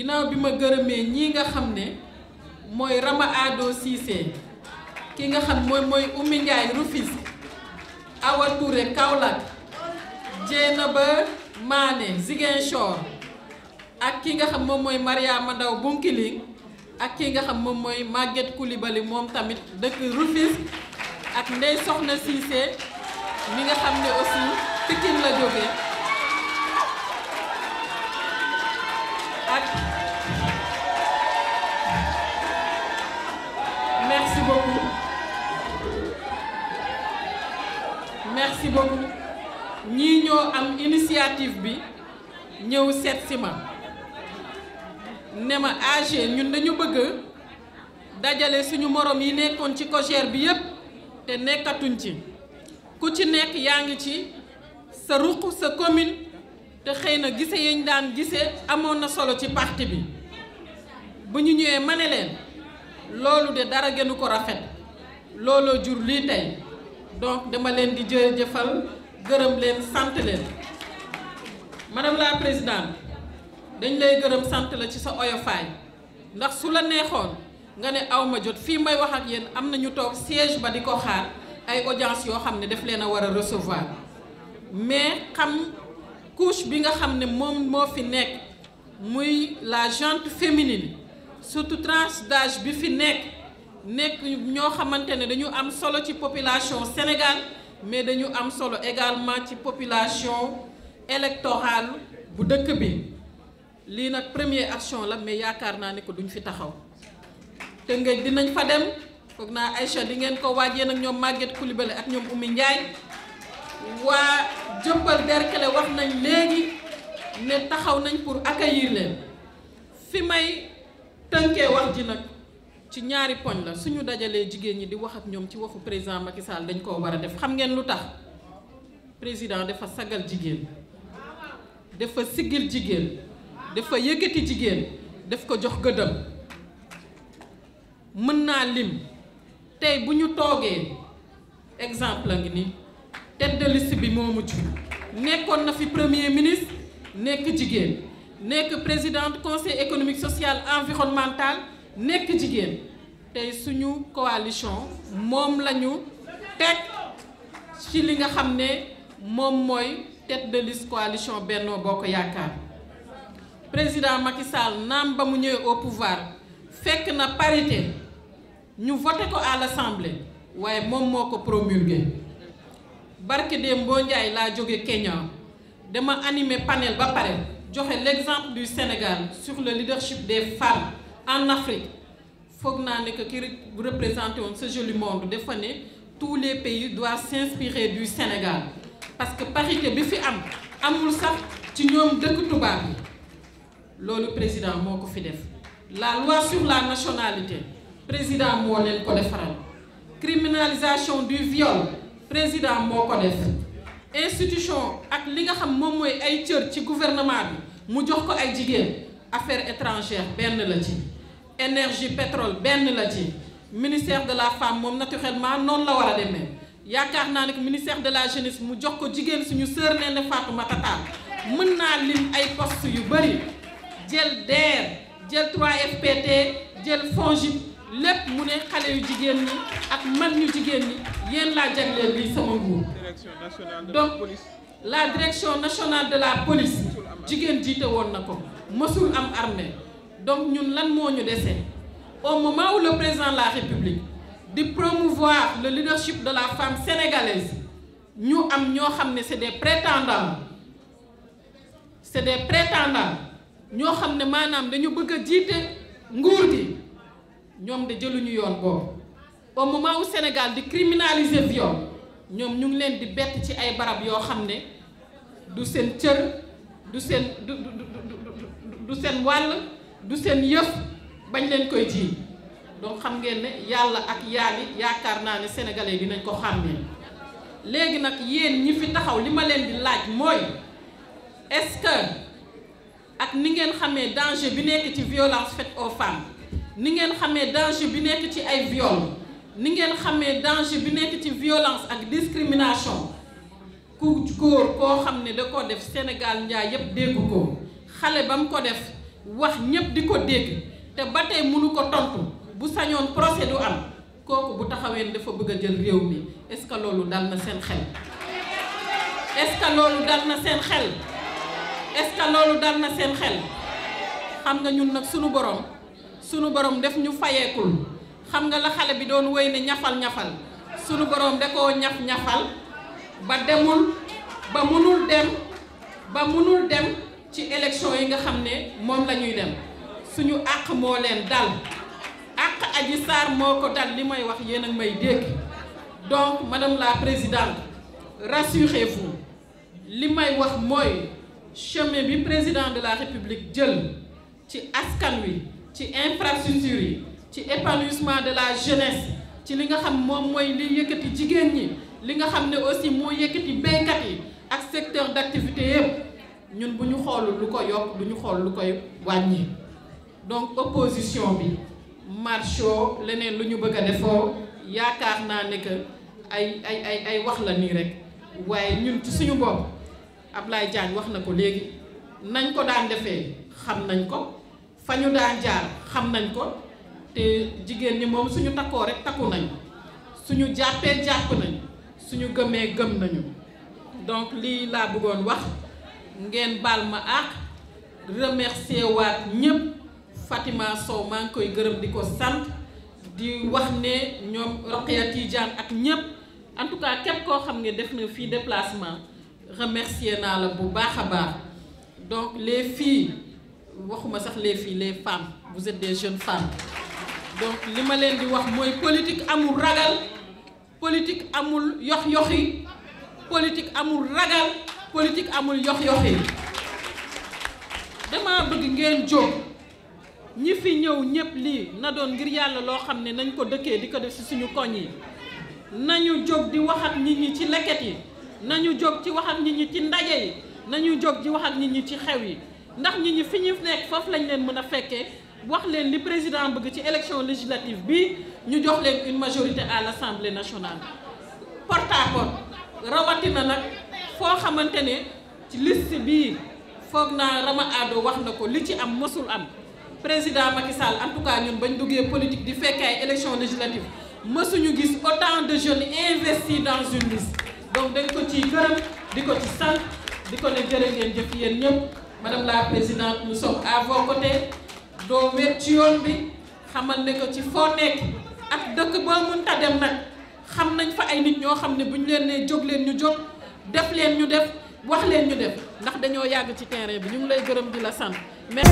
ginaaw bi ma gërëmee ñii nga xam ne mooy Rama Ado Cissé ki nga xam mooy mooy Oumy Ndiaye Rufisque Awa Touré Kaolack Dieynaba Ziguinchor ak ki nga xam moom mooy Mariama Ndaw Bunkiling ak ki nga xam moom mooy Maguette Coulibaly moom tamit dëkk Rufisque ak Ndey Soxna Cissé mi nga xam ne aussi Pikine la jóge ak merci beaucoup ñii ñoo am initiative bi ñëw seet si ma ne ma age ñun dañu bëgg dajale suñu morom yi nekkoon ci COJER bi yépp te nekkatuñ ci ku ci nekk yaa ngi ci sa ruq sa commune te xëy na gise yañ daan gise amoon na solo ci parti bi bu ñu ñëwee ma ne leen loolu de dara gënu ko rafet looloo jur lii tey donc dama leen di jër jërëjëfal gërëm leen sant leen madame la présidente dañ lay gërëm sant la ci sa oyofaay ndax su la neexoon nga ne aw ma jot fii may wax ak yéen am na ñu toog siège ba di ko xaar ay audience yoo xam ne daf leen a war a recevoir mais xam couche bi nga xam ne moom moo fi nekk muy la gente féminine surtout tranche bi fi nekk. nekk ñoo xamante ne dañu am solo ci population Sénégal mais dañu am solo également ci population électorale bu dëkk bi lii nag premier action la mais yaakaar naa ne ko duñ fi taxaw te nga dinañ fa dem foog naa Aïcha di ngeen ko waajee nag ñoom Maguette Coulibaly ak ñoom Oumy Ndiaye waa Jëppal Derkele wax nañ léegi ne taxaw nañ pour accueillir leen fi may tënkee wax ji nag ci ñaari poñ la suñu dajalee jigéen ñi di wax ak ñoom ci waxu président Macky Sall dañ koo war a def xam ngeen lu tax président dafa sagal jigéen dafa siggil jigéen dafa yëkkati jigéen daf ko jox gëddëm mën naa lim tey bu ñu toogee exemple a ngi ni tête de liste bi moo mujj nekkoon na fi premier ministre nekk jigéen nekk présidente conseil économique social environnemental nekk jigéen tey suñu coalition moom la ñu teg ci li nga xam ne moom mooy tête de liste coalition Benno Bokk Yaakaar président Macky Sall naam ba mu ñëwee au pouvoir fekk na parité ñu vote ko à l'Assemblée waaye moom moo ko promulgué barke boo Ndiaye laa jóge Kenya demal animé panel ba pare joxe l'exemple du Sénégal sur le leadership des femmes en Afrique foog naa ne que ki représenté woon ce joli monde dafa ne tous les pays doivent s'inspirer du Sénégal parce que parité bi fi am amul sax ci ñoom dëkk tubaab yi loolu président moo ko fi def la loi sur la nationalité président moo leen ko defaral criminalisation du viol président moo ko def institution ak li nga xam moom mooy ay cër ci gouvernement bi mu jox ko ay jigéen affaire étrangère benn la ci énergie pétrole benn la ci ministère de la femme moom naturellement noonu la war a demee yaakaar naa ne ministère de la jeunesse mu jox ko jigéen suñu sœur Néné Fatoumata Tall mën naa lim ay post yu bëri jël DER jël 3FPT jël FONGIP lépp mu ne xale yu jigéen ñi ak man ñu jigéen ñi yéen laa jagleel lii sama nguur donc la direction nationale de la police jigéen jiite woon na ko mësul am armée donc ñun lan moo ñu desee au moment où le président de la république di promouvoir le leadership de la femme sénégalaise ñu am ñoo xam ne c'est des prétendants c'est des prétendants ñoo xam ne maanaam dañu bëgg a jiite nguur gi ñoom de jëluñu yoon boobu au moment Sénégal di criminaliser viol ñoom ñu ngi leen di bett ci ay barab yoo xam ne du seen cër du seen du du du du seen wàll. du seen yëf bañ leen koy jiiñ donc xam ngeen ne yàlla ak yaali yaakaar naa ne sénégalais dinañ ko xàmmee léegi nag yéen ñi fi taxaw li ma leen di laaj mooy est-ce que ak ni ngeen xamee danger bi nekk ci violence fet aux femmes ni ngeen xamee danger bi nekk ci ay viol ni ngeen xamee danger bi nekk ci violence ak discrimination ku góor koo xam ne da ko def Sénégal njaay yépp dégg ko xale ba mu ko def wax ñépp di ko dégg te ba tey mënu ko tontu bu sañoon procès du am kooku bu taxawee dafa bëgg a jël réew mi est-ce que loolu dal na seen xel est-ce que dal na seen xel est-ce que loolu na seen xel xam nga ñun nag sunu borom sunu borom def ñu fayeekul xam nga la xale bi doon woy ne ñafal-ñafal sunu borom da koo ñaf-ñafal ba demul ba mënul dem ba munul dem ci élection yi nga xam ne moom la ñuy dem suñu àq moo leen dal àq Adji Sarr moo ko dal li may wax yéen ak may dégg donc madame la président rassurez li may wax mooy chemin bi président de la république jël ci askan wi ci infrastructure yi ci épanouissement de la jeunesse ci li nga xam moom mooy li yëkkati jigéen ñi li nga xam ne aussi moo yëkkati béykat yi ak secteur d'activité yëpp ñun bu ñu xool lu ko yokk lu ñu xool lu koy wàññi donc opposition bi marcho leneen lu ñu bëgg a defoo yaakaar naa ne que ay ay ay ay wax la nii rek waaye ñun ci suñu bopp Ablaye jaan wax na ko léegi nañ ko daan defee xam nañ ko fa ñu daan jaar xam nañ ko te jigéen ñi moom suñu takkoo rek takku nañ suñu jàppee jàpp nañ suñu gëmee gëm nañu donc lii laa bëggoon wax ngeen baal ma ak remercier waat ñëpp Fatima Sow maa ngi koy gërëm di ko sant di wax ne ñoom Rokhaya Tidiane ak ñëpp en tout cas képp koo xam ne def na fii déplacement remercier naa la bu baax a baax donc les filles waxuma sax les fii les femmes bu êtes des jeunes femmes donc li ma leen di wax mooy politique amul ragal politique amul yox-yoxi politique amul ragal politique amul yox-yoxi dama bëgg ngeen jóg ñi fi ñëw ñëpp lii na doon ngir yàlla loo xam ne nañ ko dëkkee di ko def ci suñu koñ yi nañu jóg di waxat nit ñi ci leket yi nañu jóg ci wax ak nit ñi ci ndaje yi nañu jóg di wax nit ñi ci xew yi ndax ñi ñi fi ñu nekk foofu lañ leen mën a fekkee wax leen li président bëgg ci élection législative bi ñu jox leen une majorité à l'Assemblée nationale porte rawatina nag foo xamante ne ci liste bii foog naa Rama Ado wax na ko li ci am mësul am président Macky Sall en tout cas ñun bañ duggee politique di fekk ay élection législative mësuñu gis autant de jeunes investis dans une liste donc dañ ko ci gërëm di ko ci sant di ko ne jërë ngeen jëf yéen ñëpp madame la présidente mu sommes à vos côtés doo wet ci yoon bi xamal ne ko ci foo nekk ak dëkk boo mën ta dem nag xam nañ fa ay nit ñoo xam ne bu ñu leen nee jóg leen ñu jóg def leen ñu def wax leen ñu def ndax dañoo yàgg ci terrain bi ñu ngi lay gërëm di la sant mais